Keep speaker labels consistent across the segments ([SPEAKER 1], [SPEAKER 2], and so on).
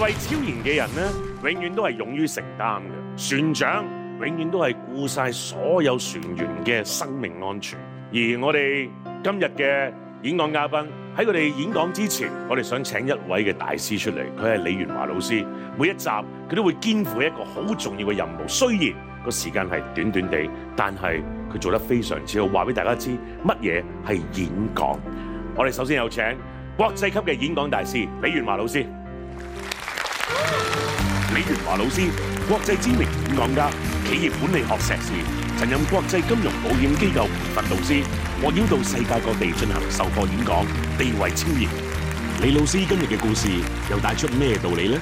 [SPEAKER 1] 為超然嘅人咧，永遠都係勇於承擔嘅船長，永遠都係顧晒所有船員嘅生命安全。而我哋今日嘅演講嘉賓喺佢哋演講之前，我哋想請一位嘅大師出嚟，佢係李元華老師。每一集佢都會肩負一個好重要嘅任務，雖然個時間係短短地，但係佢做得非常之好。話俾大家知乜嘢係演講。我哋首先有請國際級嘅演講大師李元華老師。李元華老師，國際知名演講家，企業管理學碩士，曾任國際金融保險機構培訓導師，獲邀到世界各地進行授課演講，地位超然。李老師今日嘅故事又帶出咩道理咧？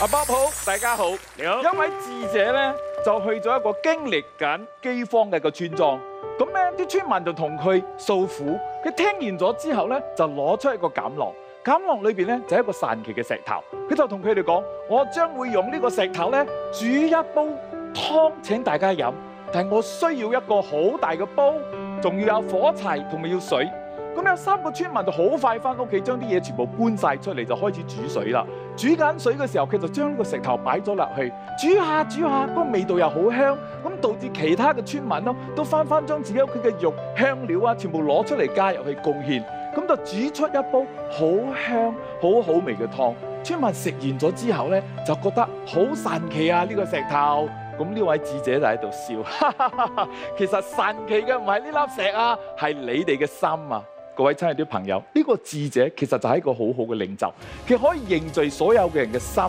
[SPEAKER 2] 阿 Bob 好，大家好，你好。一位智者咧就去咗一個經歷緊饑荒嘅個村莊，咁咧啲村民就同佢訴苦，佢聽完咗之後咧就攞出一個錦囊。錦囊裏邊咧就係一個神奇嘅石頭，佢就同佢哋講：我將會用呢個石頭咧煮一煲湯請大家飲，但係我需要一個好大嘅煲，仲要有火柴同埋要水。咁有三個村民就好快翻屋企，將啲嘢全部搬晒出嚟就開始煮水啦。煮緊水嘅時候，佢就將呢個石頭擺咗落去，煮下煮下，個味道又好香，咁導致其他嘅村民咯都翻翻將自己屋企嘅肉香料啊全部攞出嚟加入去貢獻。咁就煮出一煲好香好好味嘅湯。村民食完咗之後呢，就覺得好神奇啊！呢個石頭，咁呢位智者就喺度笑哈哈，其實神奇嘅唔係呢粒石啊，係你哋嘅心啊！各位親愛啲朋友，呢個智者其實就係一個好好嘅領袖，佢可以凝聚所有嘅人嘅心，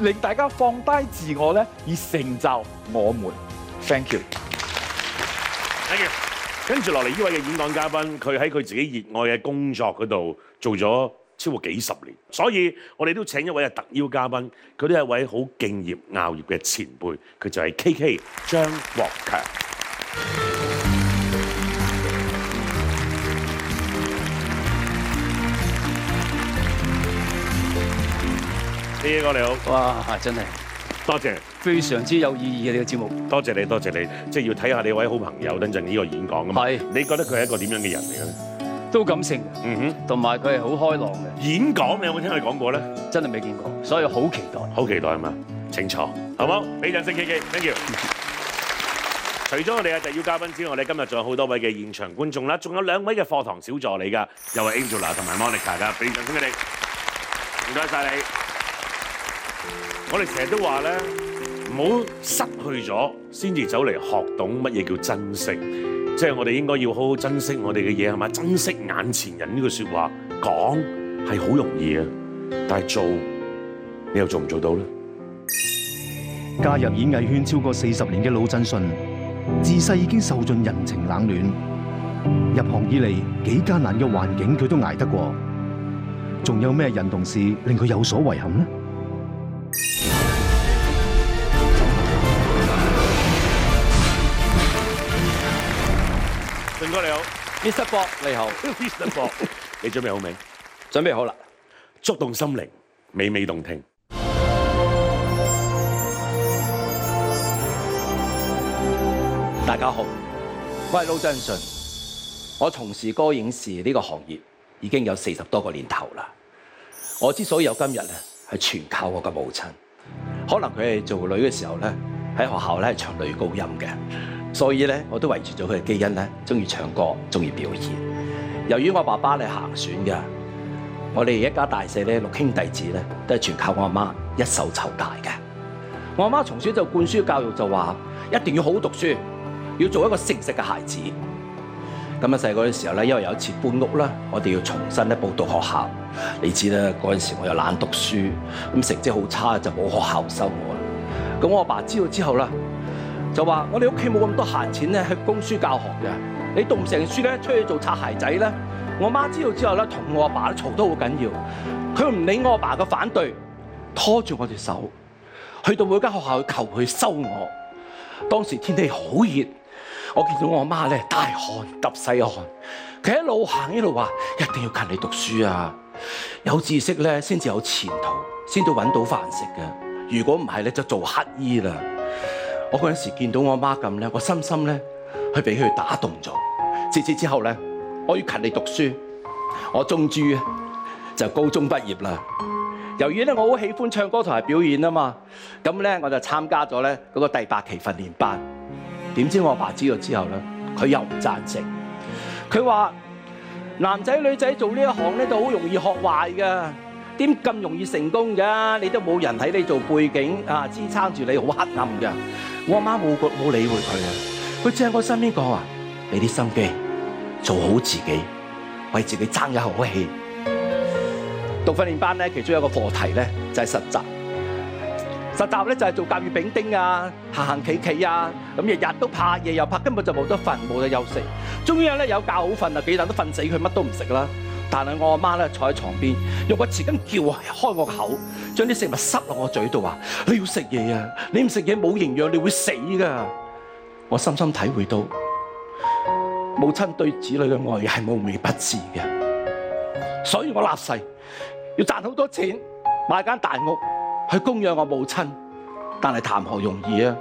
[SPEAKER 2] 令大家放低自我呢，以成就我們。Thank you。跟住落嚟，呢位嘅演講嘉賓，佢喺佢
[SPEAKER 1] 自己熱愛嘅工作嗰度做咗超過幾十年，所以我哋都請一位特邀嘉賓，佢都係一位好敬業、熬業嘅前輩，佢就係 KK 張國強。
[SPEAKER 3] K 哥你好，哇，真係多謝，謝。非常之有意義嘅呢個節目，多謝
[SPEAKER 1] 你，多謝你，即係要睇下你位好朋友等陣呢個演講啊嘛。係，你覺得佢係一個點樣嘅人嚟嘅咧？都感性嘅，嗯哼，同埋佢係好開朗嘅。演講你有冇聽佢講過咧？真係未見過，所以好期待，好期待啊嘛？請坐，好冇？畀陣掌聲，Thank you。謝謝。除咗我哋嘅特邀嘉賓之外咧，今日仲有好多位嘅現場觀眾啦，仲有兩位嘅課堂小助理㗎，又係 Angela 同埋 Monica 啦，非常歡迎你，唔該晒你。我哋成日都話咧。唔好失去咗，先至走嚟學懂乜嘢叫珍惜。即係我哋應該要好好珍惜我哋嘅嘢，係咪珍惜眼前人。呢句說話講係好容易啊，但係做你又做唔做到咧？
[SPEAKER 4] 加入演藝圈超過四十年嘅魯振順，自細已經受盡人情冷暖。入行以嚟幾艱難嘅環境，佢都挨得過，仲有咩人同事令佢有所遺憾咧？
[SPEAKER 3] 唔該，你好，Mr. Bob 你好
[SPEAKER 1] ，Mr. Bob，你準備好未？準備好啦，觸動心靈，娓娓動
[SPEAKER 3] 聽。大家好，我係魯振順，我從事歌影視呢個行業已經有四十多個年頭啦。我之所以有今日咧，係全靠我嘅母親。可能佢係做女嘅時候咧，喺學校咧係唱女高音嘅。所以咧，我都遺傳咗佢嘅基因咧，中意唱歌，中意表演。由於我爸爸咧行船嘅，我哋一家大細咧六兄弟子咧，都係全靠我阿媽一手湊大嘅。我阿媽從小就灌輸教育，就話一定要好好讀書，要做一個成績嘅孩子。咁啊，細個嘅時候咧，因為有一次搬屋啦，我哋要重新咧報讀學校。你知啦，嗰陣時我又懶讀書，咁成績好差，就冇學校收我啦。咁我阿爸知道之後咧。就話我哋屋企冇咁多閒錢咧，去供書教學嘅。你讀唔成書咧，出去做擦鞋仔咧。我媽知道之後咧，同我阿爸咧嘈得好緊要。佢唔理我阿爸嘅反對，拖住我隻手，去到每間學校求佢收我。當時天氣好熱，我見到我阿媽咧大汗揼細汗，佢一路行一路話：一定要勤力讀書啊，有知識咧先至有前途，先到揾到飯食嘅。如果唔係咧，就做乞衣啦。我嗰陣時見到我媽咁咧，我深深咧去俾佢打動咗。自此之後咧，我要勤力讀書，我中專就高中畢業啦。由於咧我好喜歡唱歌同埋表演啊嘛，咁咧我就參加咗咧嗰個第八期訓練班。點知我阿爸知道之後咧，佢又唔贊成。佢話男仔女仔做呢一行咧，都好容易學壞㗎。點咁容易成功噶？你都冇人睇你做背景啊，支撐住你好黑暗㗎。我阿媽冇個冇理會佢啊，佢只係我身邊講啊，俾啲心機，做好自己，為自己爭一口氣。讀訓練班咧，其中一個課題咧就係實習。實習咧就係做甲乙丙丁啊，行行企企啊，咁日日都拍，夜又拍，根本就冇得瞓，冇得休息。終於咧有覺好瞓啦，幾等都瞓死佢，乜都唔食啦。但係我阿媽咧坐喺床邊，用個匙羹撬開我個口，將啲食物塞落我嘴度話：你要食嘢啊！你唔食嘢冇營養，你會死噶！我深深體會到母親對子女嘅愛係無微不至嘅，所以我立誓要賺好多錢買間大屋去供養我母親。但係談何容易啊！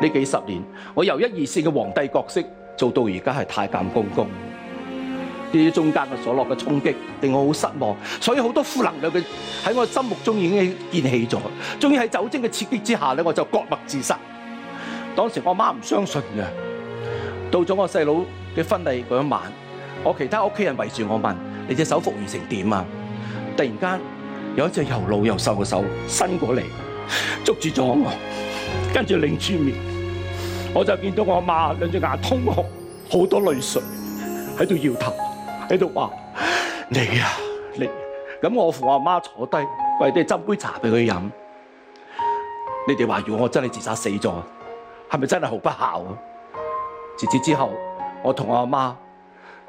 [SPEAKER 3] 呢幾十年我由一二線嘅皇帝角色做到而家係太監公公。啲中間嘅所落嘅衝擊，令我好失望，所以好多負能量嘅喺我心目中已經建起咗。終於喺酒精嘅刺激之下咧，我就割脈自殺。當時我媽唔相信嘅。到咗我細佬嘅婚禮嗰一晚，我其他屋企人圍住我問：你隻手復完成點啊？突然間有一隻又老又瘦嘅手伸過嚟，捉住咗我，跟住擰轉面，我就見到我媽兩隻牙通紅，好多淚水喺度搖頭。喺度話你啊，你咁、啊、我扶阿媽坐低，我哋斟杯茶俾佢飲。你哋話如果我真係自殺死咗，係咪真係好不孝啊？自此之後，我同我阿媽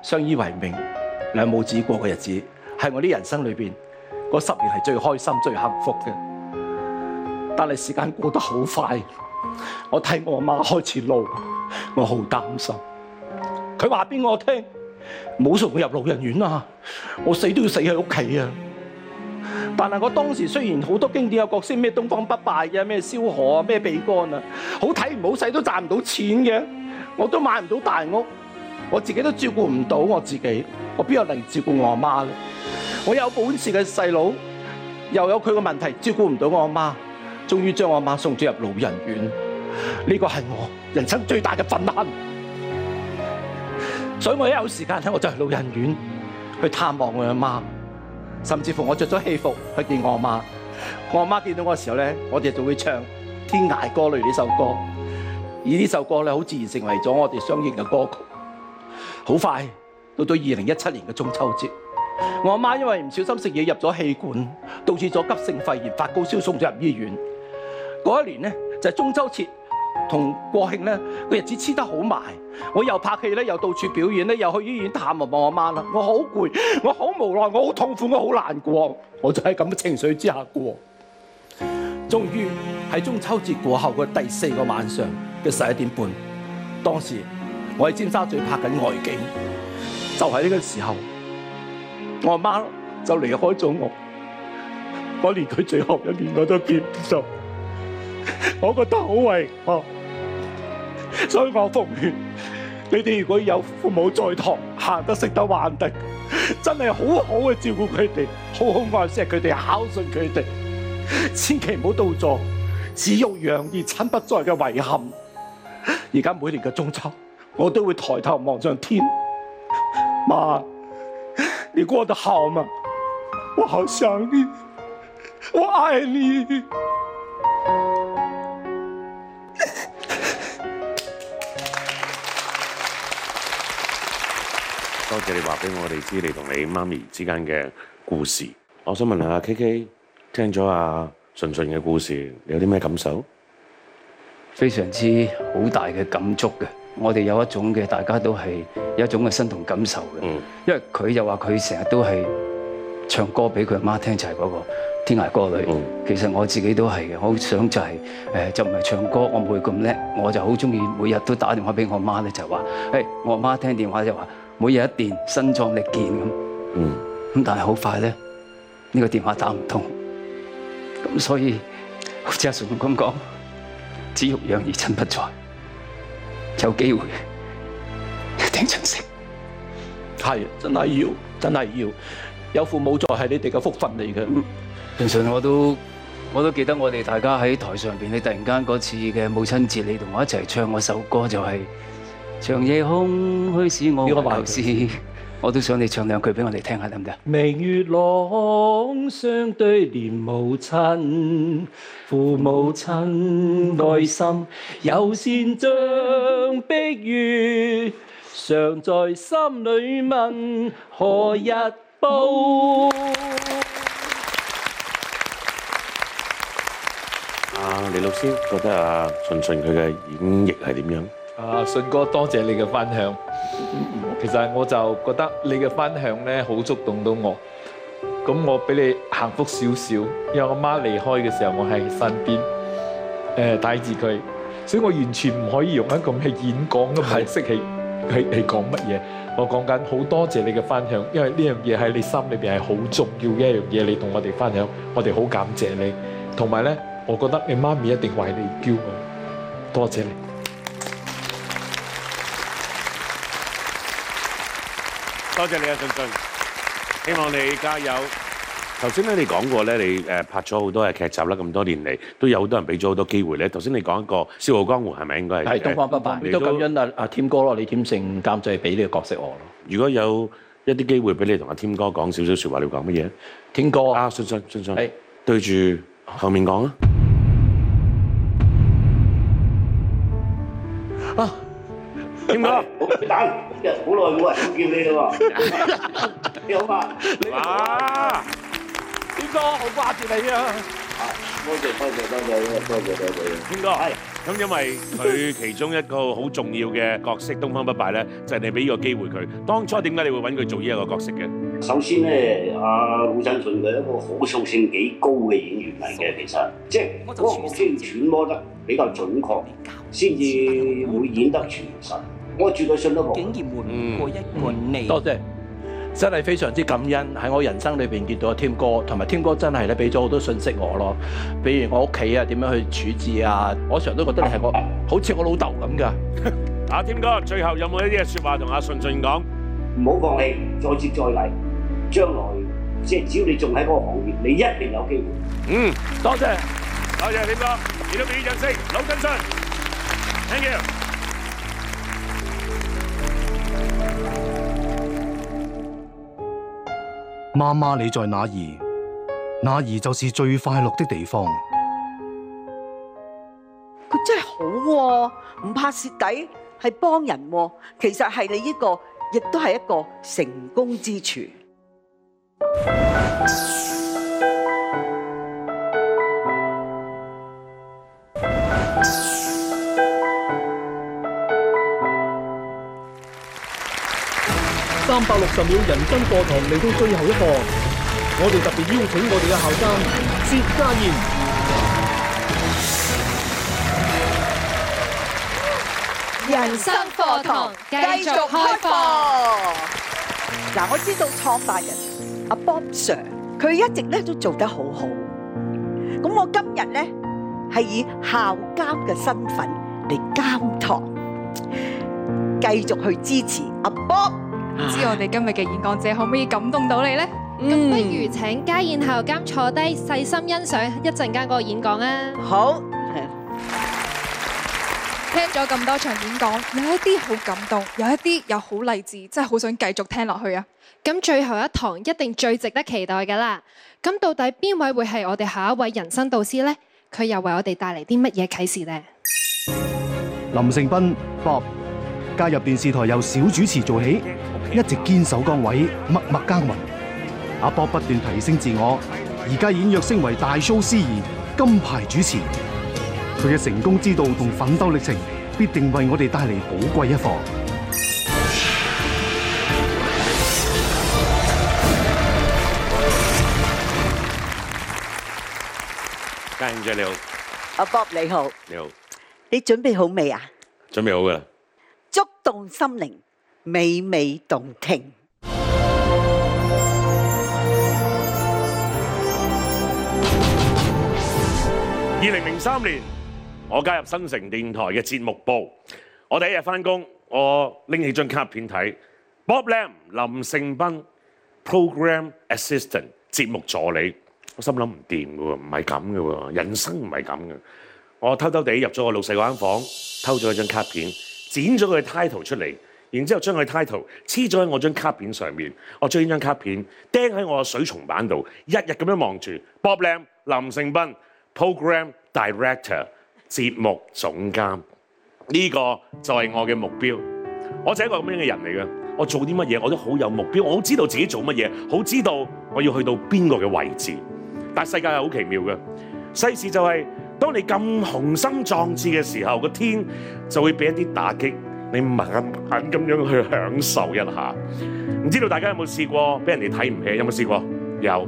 [SPEAKER 3] 相依為命，兩母子過嘅日子係我啲人生裏面嗰十年係最開心、最幸福嘅。但係時間過得好快，我睇我阿媽開始老，我好擔心。佢話俾我聽。冇送佢入老人院啊！我死都要死喺屋企啊！但係我當時雖然好多經典嘅角色，咩東方不敗嘅，咩蕭何啊，咩比干啊，好睇唔好使都賺唔到錢嘅，我都買唔到大屋，我自己都照顧唔到我自己，我邊有能力照顧我阿媽呢？我有本事嘅細佬，又有佢嘅問題，照顧唔到我阿媽，終於將我阿媽送咗入老人院，呢個係我人生最大嘅分難。所以，我一有時間咧，我就去老人院去探望我阿媽，甚至乎我着咗戲服去見我阿媽。我阿媽見到我嘅時候咧，我哋就會唱《天涯歌女》呢首歌，而呢首歌咧，好自然成為咗我哋相應嘅歌曲。好快到咗二零一七年嘅中秋節，我阿媽因為唔小心食嘢入咗氣管，導致咗急性肺炎發高燒，送咗入醫院。嗰一年咧，就係中秋節。同國慶咧個日子黐得好埋，我又拍戲咧，又到處表演咧，又去醫院探望我阿媽啦，我好攰，我好無奈，我好痛苦，我好難過，我就喺咁嘅情緒之下過。終於喺中秋節過後嘅第四個晚上嘅十一點半，當時我喺尖沙咀拍緊外景，就喺呢個時候，我阿媽就離開咗我，我連佢最後一面我都見唔到。我覺得好遺憾，所以我奉勸你哋如果有父母在堂，行得食得玩得，真係好好去照顧佢哋，好好愛惜佢哋，孝順佢哋，千祈唔好到咗子欲養而親不在嘅遺憾。而家每年嘅中秋，我都會抬頭望上天，媽，你過得好嗎？我好想你，我愛你。
[SPEAKER 1] 即你話俾我哋知，你同你媽咪之間嘅故事。我想問下 K K，聽咗阿順順嘅故事，你有啲咩感受？
[SPEAKER 3] 非常之好大嘅感觸嘅。我哋有一種嘅，大家都係有一種嘅身同感受嘅。嗯。因為佢又話佢成日都係唱歌俾佢阿媽聽，就係嗰個天涯歌女。其實我自己都係嘅，我想就係誒，就唔係唱歌，我唔會咁叻，我就好中意每日都打電話俾我媽咧，就話、係、誒，hey, 我阿媽聽電話就話、係。每日一電，身壯力健咁。嗯，咁但係好快咧，呢個電話打唔通。咁所以，好似阿順咁講，子欲養而親不在，有機會一定珍惜。係啊，真係要，真係要。有父母在係你哋嘅福分嚟嘅。平常我都我都記得我哋大家喺台上邊，你突然間嗰次嘅母親節，你同我一齊唱嗰首歌就係。長夜空虛使我懷舊事，我都想你唱兩句俾我哋聽下，得唔得？明月朗，相對念母親，父母親愛心柔善像，碧月常在心裏問何日報？
[SPEAKER 1] 阿李老師覺得阿順順佢嘅演繹係點
[SPEAKER 2] 樣？啊，順哥，多謝你嘅分享。其實我就覺得你嘅分享呢，好觸動到我。咁我俾你幸福少少，因為我媽離開嘅時候，我喺身邊，誒，帶住佢。所以我完全唔可以用一咁嘅演講嘅模式去去講乜嘢。我講緊好多謝你嘅分享，因為呢樣嘢喺你心裏邊係好重要嘅一樣嘢，你同我哋分享，我哋好感謝你。同埋呢，我覺得你媽咪一定為你驕傲。多謝你。
[SPEAKER 1] 多謝你啊，順順！希望你加油。頭先咧，你講過咧，你誒拍咗好多嘅劇集啦，咁多年嚟都有好多人俾咗好多機會咧。頭先你講過《笑傲江湖》是是，係咪應該係？係東方不敗。都感恩
[SPEAKER 3] 阿阿添哥咯，李添勝監製俾呢個角色我咯。如果有一啲機
[SPEAKER 1] 會俾你同阿添哥講少少説話，你要講乜嘢？添哥啊，順順順順，係對住後面講啊。啊！順順順
[SPEAKER 5] 順天哥，好大膽，一日好耐
[SPEAKER 3] 冇
[SPEAKER 5] 人
[SPEAKER 3] 叫你啦喎！你好嘛？哇！天哥，
[SPEAKER 1] 好掛住你啊！多謝多謝多謝，多謝多謝啊！天哥，係咁，因為佢其中一個好重要嘅角色《東方不敗》咧，就係你俾依個機會佢。當初點解你會揾佢做依一個角色嘅？首先咧，阿魯振順佢一個可塑性幾高嘅演員嚟
[SPEAKER 3] 嘅，其實即係嗰個先揣摩得比較準確，先至會演得傳神。我住到信都竟然換唔過一個你。多、嗯嗯、謝，謝，真係非常之感恩喺我人生裏邊見到阿添哥，同埋添哥真係咧俾咗好多信息我咯。比如我屋企啊點樣去處置啊，我成日都覺得你係我好似我老豆咁㗎。阿、
[SPEAKER 1] 啊、添哥，最後有冇一啲嘅説話？同阿順順講，
[SPEAKER 5] 唔好放棄，
[SPEAKER 1] 再接再厲，
[SPEAKER 5] 將
[SPEAKER 1] 來即係只要你仲喺嗰個行業，你一定有機會。嗯，多謝，謝，多謝添哥，見到表揚聲，老跟進，thank you。
[SPEAKER 4] 媽媽，你在哪兒？哪兒就是最快樂的地方。
[SPEAKER 5] 佢真係好喎、啊，唔怕蝕底，係幫人、啊。其實係你呢、這個，亦都係一個成功之處。
[SPEAKER 4] 三百六十秒人生課堂嚟到最後一課，我哋特別邀請我哋嘅校監薛家燕。
[SPEAKER 5] 人生課堂繼續開課。嗱，我知道創辦人阿 Bob Sir，佢一直咧都做得好好。咁我今日咧係以校監嘅身份嚟監堂，繼續去支持阿 Bob。唔知道我哋今日嘅演講者
[SPEAKER 3] 可唔可以感動到你呢？咁、嗯、不如請家燕校監，坐低，細心欣賞一陣間嗰個演講啊！好。係。聽咗咁多場演講，有一啲好感動，有一啲又好勵志，真係好想繼續聽落去啊！咁最後一堂一定最值得期待噶啦！咁到底邊位會係我哋下一位人生導師呢？佢又為我哋帶嚟啲乜嘢啟示呢？
[SPEAKER 4] 林盛斌 Bob 加入電視台由小主持做起，一直堅守崗位，默默耕耘。阿 Bob 不斷提升自我，而家演躍升為大 show 司儀、金牌主持。佢嘅成功之道同奮鬥歷程，必定為我哋帶嚟寶貴一課。
[SPEAKER 1] 家燕姐，你
[SPEAKER 5] 好，阿 Bob 你好，你好，你準備好未啊？
[SPEAKER 1] 準備好噶啦，
[SPEAKER 5] 觸動心靈。娓娓動聽。
[SPEAKER 1] 二零零三年，我加入新城電台嘅節目部。我第一日翻工，我拎起張卡片睇，Bob Lam 林盛斌 Program Assistant 節目助理。我心諗唔掂噶，唔係咁噶，人生唔係咁嘅。我偷偷地入咗我老細嗰間房，偷咗一張卡片，剪咗佢 title 出嚟。然之後將佢 title 黐咗喺我張卡片上面，我將呢張卡片釘喺我嘅水松板度，日日咁樣望住 Bob Lam 林盛斌 Program Director 節目總監呢、呢個就係我嘅目標。我就係一個咁樣嘅人嚟嘅，我做啲乜嘢我都好有目標，我好知道自己做乜嘢，好知道我要去到邊個嘅位置。但世界係好奇妙嘅，世事就係當你咁雄心壯志嘅時候，個天就會俾一啲打擊。你慢慢咁樣去享受一下，唔知道大家有冇試過俾人哋睇唔起？有冇試過？有，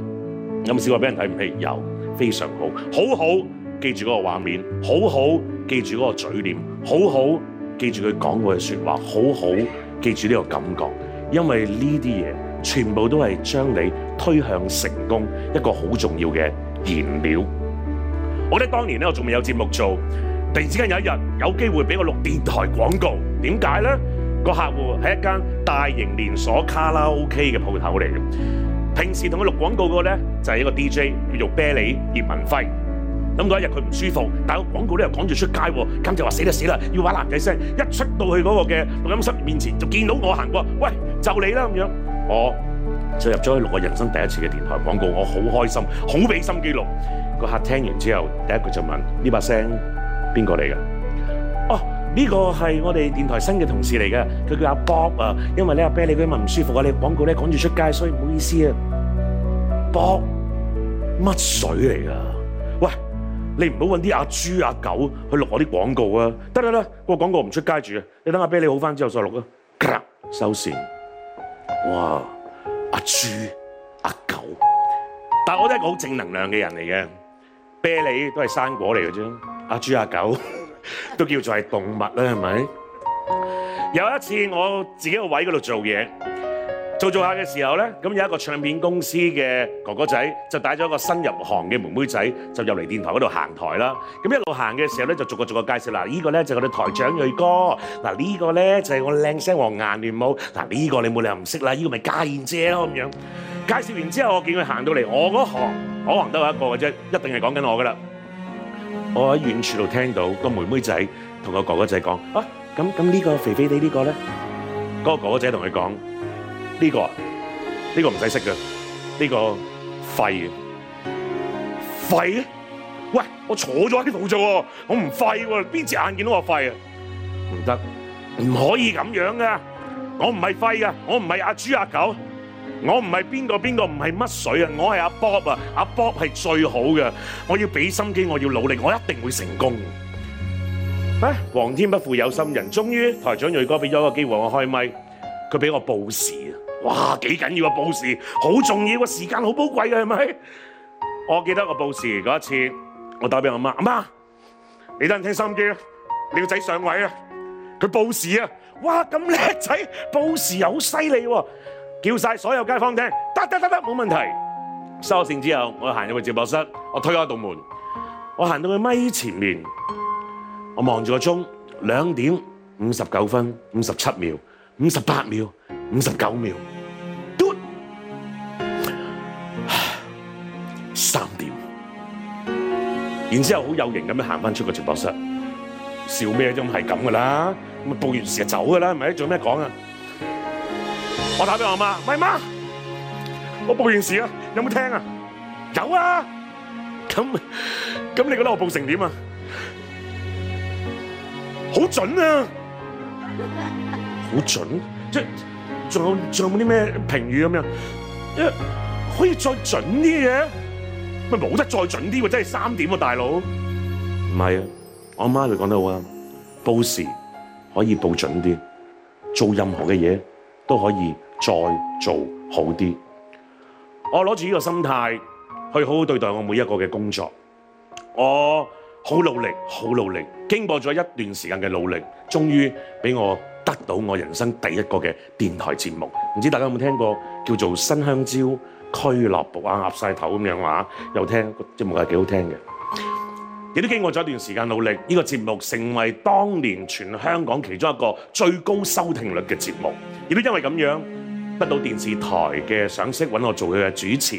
[SPEAKER 1] 有冇試過俾人睇唔起？有，非常好，好好記住嗰個畫面，好好記住嗰個嘴臉，好好記住佢講過嘅説話，好好記住呢個感覺，因為呢啲嘢全部都係將你推向成功一個好重要嘅燃料。我覺得當年咧，我仲未有節目做。突然之間有一日有機會俾我錄電台廣告，點解咧？個客戶係一間大型連鎖卡拉 OK 嘅鋪頭嚟嘅。平時同佢錄廣告個咧就係一個 DJ 叫做啤梨葉文輝。咁嗰一日佢唔舒服，但個廣告咧又趕住出街喎。咁就話死啦死啦，要玩男仔聲。一出到去嗰個嘅錄音室面前就見到我行過，喂，就你啦咁樣。我就入咗去錄我人生第一次嘅電台廣告，我好開心，好俾心機錄。個客聽完之後第一句就問呢把聲。邊個嚟嘅？哦，呢個係我哋電台新嘅同事嚟嘅，佢叫阿 Bob 啊。因為咧阿啤梨今日唔舒服啊，你廣告咧趕住出街，所以唔好意思啊。Bob，乜水嚟噶？喂，你唔好搵啲阿豬阿狗去錄我啲廣告啊！得得，啦，我廣告唔出街住啊，你等阿啤梨好翻之後再錄啦、呃。收線。哇，阿豬阿狗，但係我都係一個好正能量嘅人嚟嘅。啤梨都係生果嚟嘅啫。阿豬阿狗都叫做係動物啦，係咪？有一次我自己個位嗰度做嘢，做做下嘅時候咧，咁有一個唱片公司嘅哥哥仔就帶咗個新入行嘅妹妹仔就入嚟電台嗰度行台啦。咁一路行嘅時候咧，就逐個逐個介紹啦。呢個咧就我哋台長鋭哥，嗱呢個咧就係我靚聲王顏聯武，嗱呢個你冇理由唔識啦。呢個咪家燕姐咯咁樣。介紹完之後，我見佢行到嚟，我嗰行可能都有一個嘅啫，一定係講緊我㗎啦。我喺遠處度聽到個妹妹仔同、啊個，這個那個哥哥仔講：啊、這個，咁咁呢個肥肥哋呢個咧？嗰個哥哥仔同佢講：呢個呢個唔使識嘅，呢個廢啊？廢啊？喂，我坐咗喺呢度啫喎，我唔廢喎，邊隻眼見到我廢啊？唔得，唔可以咁樣噶，我唔係廢噶，我唔係阿豬阿狗。我唔係邊個邊個，唔係乜水啊！我係阿 Bob 啊，阿 Bob 係最好嘅。我要俾心機，我要努力，我一定會成功。啊！皇天不負有心人，終於台長瑞哥俾咗個機會我開咪，佢俾我報時啊！哇，幾緊要啊報時，好重要啊時間，好寶貴啊係咪？我記得我報時嗰一次，我打俾我媽，媽，你等陣聽收音機，你個仔上位啊！佢報時啊！哇，咁叻仔報時又好犀利喎！叫曬所有街坊聽，得得得得，冇問題。收線之後，我行入去直播室，我推開一度門，我行到佢咪前面，我望住個鐘，兩點五十九分五十七秒，五十八秒，五十九秒，嘟，三點。然之後好有型咁樣行翻出個直播室，笑咩啫？咁係咁噶啦，咁報完時就走噶啦，唔係做咩講啊？我打俾我阿媽，喂，媽，我報完事啊，有冇聽啊？有啊，咁咁你覺得我報成點啊？好準啊，好準，即係仲有仲有冇啲咩評語咁樣？可以再準啲嘅嘢，咪冇得再準啲，真係三點啊，大佬。唔係啊，我阿媽就講得好啊，報時可以報準啲，做任何嘅嘢都可以。再做好啲，我攞住呢個心態去好好對待我每一個嘅工作，我好努力，好努力。經過咗一段時間嘅努力，終於俾我得到我人生第一個嘅電台節目。唔知大家有冇聽過叫做《新香蕉俱樂部》啊？、壓晒頭咁樣啊，又聽、這個節目係幾好聽嘅。亦都經過咗一段時間努力，呢、這個節目成為當年全香港其中一個最高收聽率嘅節目。亦都因為咁樣。得到電視台嘅賞識，揾我做佢嘅主持，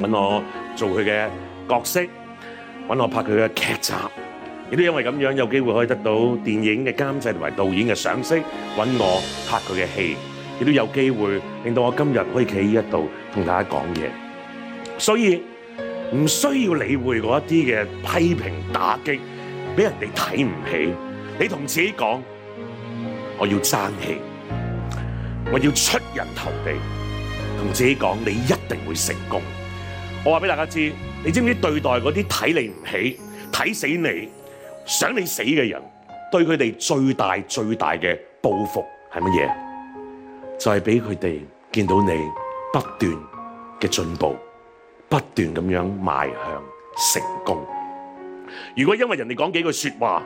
[SPEAKER 1] 揾我做佢嘅角色，揾我拍佢嘅劇集。亦都因為咁樣有機會可以得到電影嘅監製同埋導演嘅賞識，揾我拍佢嘅戲。亦都有機會令到我今日可以企喺呢一度同大家講嘢。所以唔需要理會嗰一啲嘅批評打擊，俾人哋睇唔起。你同自己講，我要爭氣。我要出人頭地，同自己講：你一定會成功。我話俾大家知，你知唔知對待嗰啲睇你唔起、睇死你、想你死嘅人，對佢哋最大最大嘅報復係乜嘢？就係俾佢哋見到你不斷嘅進步，不斷咁樣邁向成功。如果因為人哋講幾句說話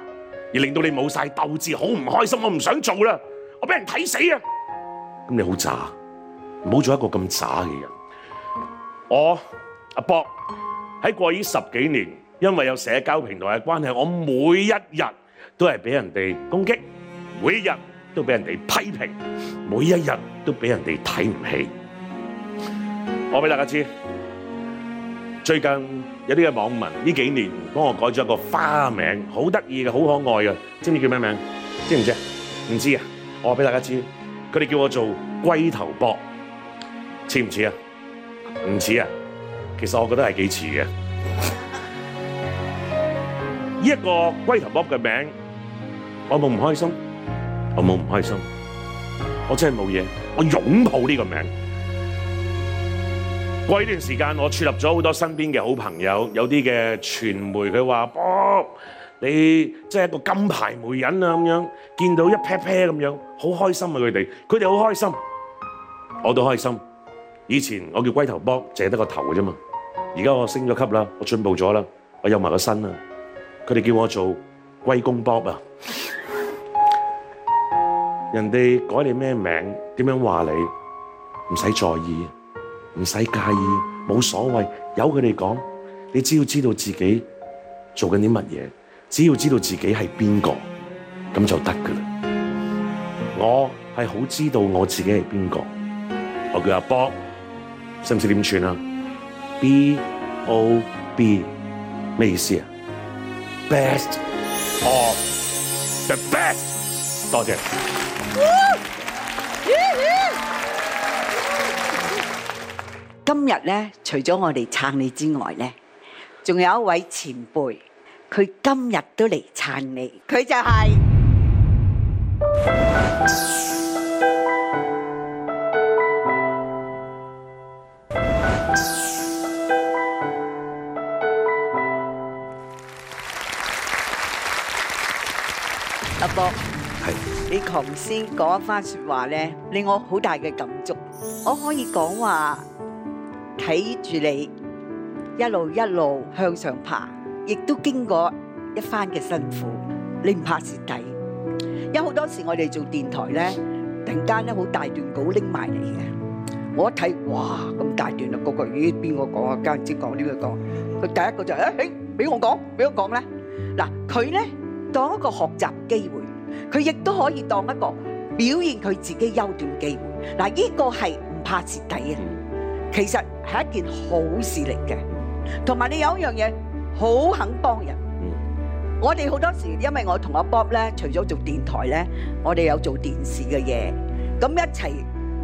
[SPEAKER 1] 而令到你冇晒鬥志，好唔開心，我唔想做啦，我俾人睇死啊！.咁你好渣，唔好做一個咁渣嘅人我。我阿博喺過去十幾年，因為有社交平台嘅關係，我每一日都係俾人哋攻擊，每一日都俾人哋批評，每一日都俾人哋睇唔起。我俾大家知，最近有啲嘅網民呢幾年幫我改咗一個花名，好得意嘅，好可愛嘅，知唔知叫咩名？知唔知？唔知啊！我話俾大家知。佢哋叫我做龜頭博，似唔似啊？唔似啊？其實我覺得係幾似嘅。呢一個龜頭博嘅名，我冇唔開心，我冇唔開心，我真係冇嘢，我擁抱呢個名。過呢段時間，我觸及咗好多身邊嘅好朋友，有啲嘅傳媒佢話，哇！你即係一個金牌媒人啊！咁樣見到一 pair pair 咁樣，好開心啊！佢哋佢哋好開心，我都開心。以前我叫龜頭 Bob，淨係得個頭嘅啫嘛。而家我升咗級啦，我進步咗啦，我有埋個身啦。佢哋叫我做龜公 Bob 啊。人哋改你咩名，點樣話你，唔使在意，唔使介意，冇所謂，由佢哋講。你只要知道自己做緊啲乜嘢。只要知道自己係邊個，咁就得噶啦。我係好知道我自己係邊個。我叫阿 Bob，識唔識點串啊？B O B 咩意思啊
[SPEAKER 4] ？Best of the best，多
[SPEAKER 5] 謝，謝。今日咧，除咗我哋撐你之外咧，仲有一位前輩。佢今日都嚟撐你，佢就係阿 Bob。係你頭先講一番說話咧，令我好大嘅感觸。我可以講話睇住你一路一路向上爬。亦都經過一番嘅辛苦，你唔怕蝕底？有好多時我哋做電台咧，突然間咧好大段稿拎埋嚟嘅。我一睇，哇！咁大段啊，那個個咦？邊個講啊？間唔知講呢個講，佢第一個就誒，嘿！俾我講，俾我講咧。嗱，佢咧當一個學習機會，佢亦都可以當一個表現佢自己優點機會。嗱，呢、這個係唔怕蝕底啊，其實係一件好事嚟嘅。同埋你有一樣嘢。好肯幫人，我哋好多時，因為我同阿 Bob 咧，除咗做電台咧，我哋有做電視嘅嘢，咁一齊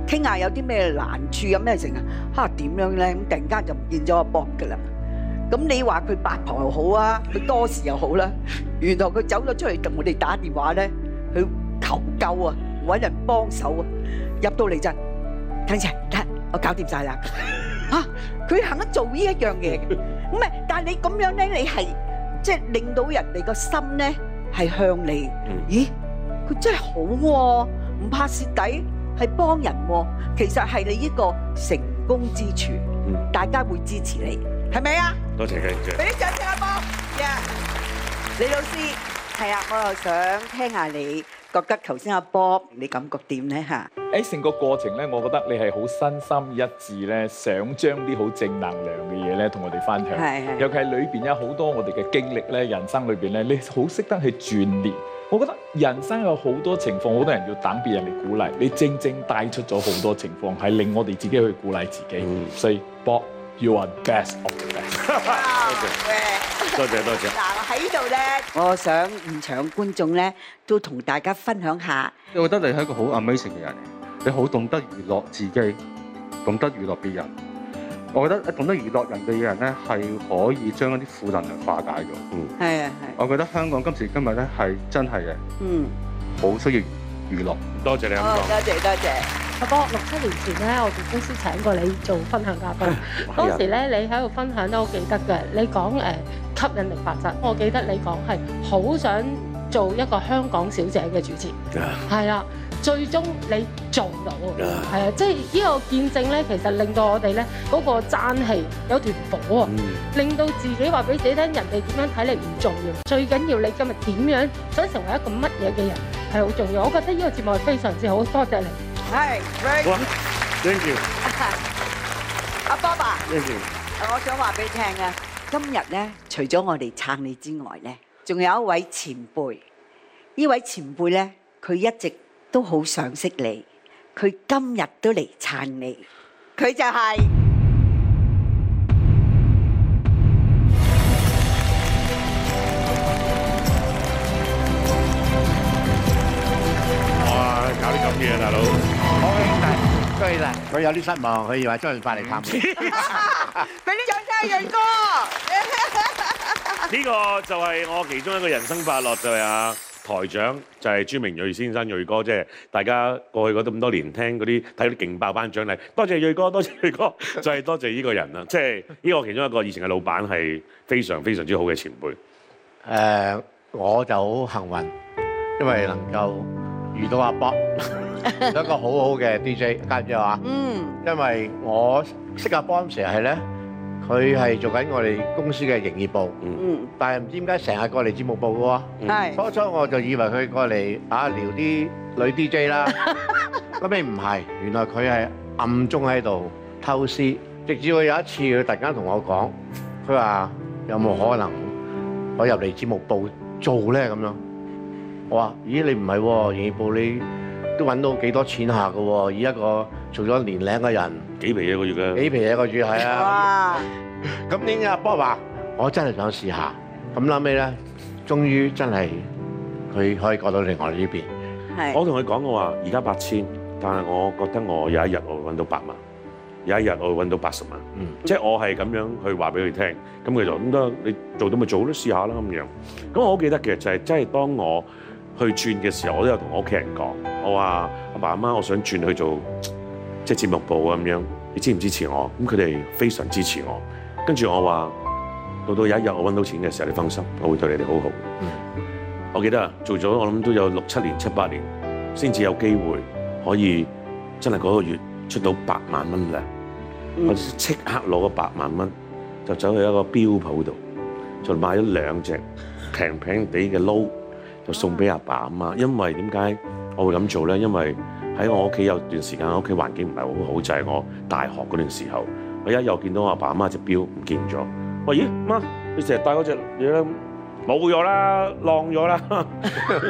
[SPEAKER 5] 傾下有啲咩難處，有咩成啊，吓點樣咧？咁突然間就唔見咗阿 Bob 噶啦，咁你話佢八婆又好啊，佢多事又好啦，原來佢走咗出去同我哋打電話咧，去求救啊，揾人幫手啊，入到嚟就等陣，睇我搞掂晒啦，吓佢肯做呢一樣嘢。唔係，但係你咁樣咧，你係即係令到人哋個心咧係向你。咦，佢真係好喎，唔怕蝕底，係幫人。其實係你呢個成功之處，大家會支持你，係咪啊？多謝嘉賓，俾啲掌聲阿 Bob，耶！李老師。係啊，我又想聽下你覺得頭
[SPEAKER 2] 先阿 Bob，你感覺點呢？嚇？誒，成個過程呢，我覺得你係好身心一致呢，想將啲好正能量嘅嘢呢同我哋分享。係係。尤其係裏邊有好多我哋嘅經歷呢，人生裏邊呢，你好識得去轉念。我覺得人生有好多情況，好多人要等別人嚟鼓勵，你正正帶出咗好多情況，係令我哋自己去鼓勵自
[SPEAKER 5] 己。嗯。所以，Bob。You are best of the best。多謝多謝。嗱喺呢度咧，我想現場觀眾咧都同大家分享下。
[SPEAKER 3] 我覺得你係一個好 amazing 嘅人，你好懂得娛樂自己，懂得娛樂別人。我覺得懂得娛樂人哋嘅人咧係可以將一啲負能量化解咗。嗯，係啊係。我覺得香港今時今日咧係真係嘅，嗯，好需要娛樂。多謝你，阿哥。多謝多謝。阿哥，六七年前咧，我哋公司請過你做分享嘉賓。啊、當時咧，你喺度分享都好記得嘅。你講誒吸引力法則，我記得你講係好想做一個香港小姐嘅主持，係、啊、啦。最終你做到，係啊，即係呢個見證咧，其實令到我哋咧嗰個爭氣有條火啊、嗯，令到自己話俾自己聽，人哋點樣睇你唔重要，最緊要你今日點樣想成為一個乜嘢嘅人係好重要。我覺
[SPEAKER 5] 得呢個節目係非常之好，多謝，謝你。係，very good，thank you，阿爸爸，thank you。我想話俾你聽啊，今日咧，除咗我哋撐你之外咧，仲有一位前輩，呢位前輩咧，佢一直都好賞識你，佢今日都嚟撐你，佢就係。
[SPEAKER 3] 有啲失望，佢以為周潤發嚟探視。
[SPEAKER 5] 俾啲掌聲，鋭 哥！呢
[SPEAKER 1] 個就係我其中一個人生快樂就係、是、阿台長，就係、是、朱明鋭先生，鋭哥，即係大家過去咁多年，聽嗰啲睇啲勁爆頒獎禮。多謝鋭哥，多謝鋭哥，哥，就係、是、多謝呢個人啦。即係呢個其中一個以前嘅老闆係非常非常之好嘅前
[SPEAKER 3] 輩。誒，我就好幸運，因為能夠。遇到阿 Bob，一個好好嘅 DJ，知唔知啊？嗯。因為我識阿 Bob 成日係咧，佢係做緊我哋公司嘅營業部。嗯。但係唔知點解成日過嚟節目部嘅喎。嗯。初初我就以為佢過嚟啊撩啲女 DJ 啦。哈哈，後尾唔係，原來佢係暗中喺度偷
[SPEAKER 4] 師。直至佢有一次，佢突然間同我講，佢話有冇可能我入嚟節目部做咧咁樣。我話：咦，你唔係喎？營業部
[SPEAKER 3] 你都揾到幾多錢下㗎？以一個做咗年零嘅人
[SPEAKER 1] 幾、啊，幾皮一個月
[SPEAKER 3] 㗎？幾皮一個月係啊！哇！咁點解？阿波話：我真係想試下。咁諗尾咧，終於真係佢可以過到另外呢邊。
[SPEAKER 1] 我同佢講我話：而家八千，但係我覺得我有一日我會揾到八萬，有一日我會揾到八十萬。嗯，即係我係咁樣去話俾佢聽。咁佢就咁都你做到咪做都試下啦咁樣。咁我好記得其實就係真係當我去轉嘅時候，我都有同我屋企人講，我話阿爸阿媽，媽，我想轉去做即係節目部啊咁樣，你支唔支持我？咁佢哋非常支持我。跟住我話，到到有一日我揾到錢嘅時候，你放心，我會對你哋好好。我記得啊，做咗我諗都有六七年、七八年，先至有機會可以真係嗰個月出到八萬蚊糧，我即刻攞咗八萬蚊，就走去一個錶鋪度，就買咗兩隻平平地嘅勞。我送俾阿爸阿媽，媽，因為點解我會咁做咧？因為喺我屋企有段時間，屋企環境唔係好好，就係我大學嗰段時候，我一又見到我阿爸阿媽隻錶唔見咗，我咦媽，你成日戴嗰隻嘢咧，冇咗啦，晾咗啦，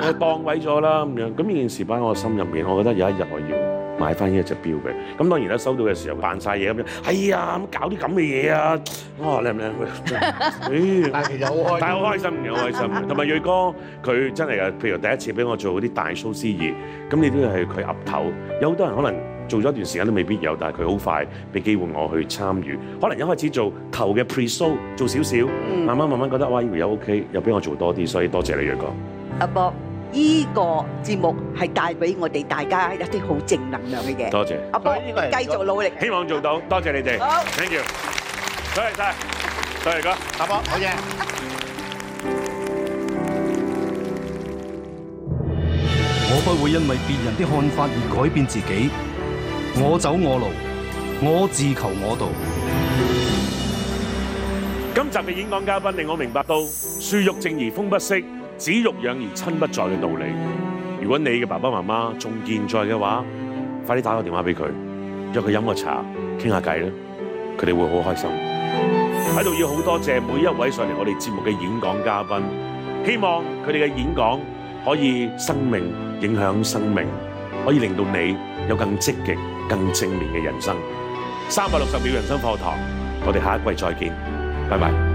[SPEAKER 1] 我當位咗啦咁樣，咁呢件事擺喺我心入面，我覺得有一日我要。買翻呢一隻表嘅，咁當然啦，收到嘅時候扮晒嘢咁樣，哎呀，咁搞啲咁嘅嘢啊，哇，靚唔靚但係，好開心，好開心，同埋鋭哥佢真係啊，譬如第一次俾我做嗰啲大 show 司儀，咁你都係佢壓頭。有好多人可能做咗一段時間都未必有，但係佢好快俾機會我去參與。可能一開始做頭嘅 pre show 做少少，慢慢慢慢覺得哇又 OK，又俾我做多啲，所以多謝你鋭哥。
[SPEAKER 5] 阿伯。依個節目係帶俾我哋大家一啲好正能量嘅嘢。多謝阿波，繼續
[SPEAKER 1] 努力，希望做到。多謝你哋，Thank you。多謝晒，多謝哥，阿波，好嘢。
[SPEAKER 4] 我不會因為別人的看法而改變自己，我走我路，我自求我道。今集嘅演講
[SPEAKER 1] 嘉賓令我明白到樹欲靜而風不息。子欲養而親不在嘅道理。如果你嘅爸爸媽媽仲健在嘅話，快啲打個電話俾佢，約佢飲個茶傾下偈啦，佢哋會好開心。喺度要好多謝每一位上嚟我哋節目嘅演講嘉賓，希望佢哋嘅演講可以生命影響生命，可以令到你有更積極、更正面嘅人生。三百六十秒人生課堂，我哋下一季再見，拜拜。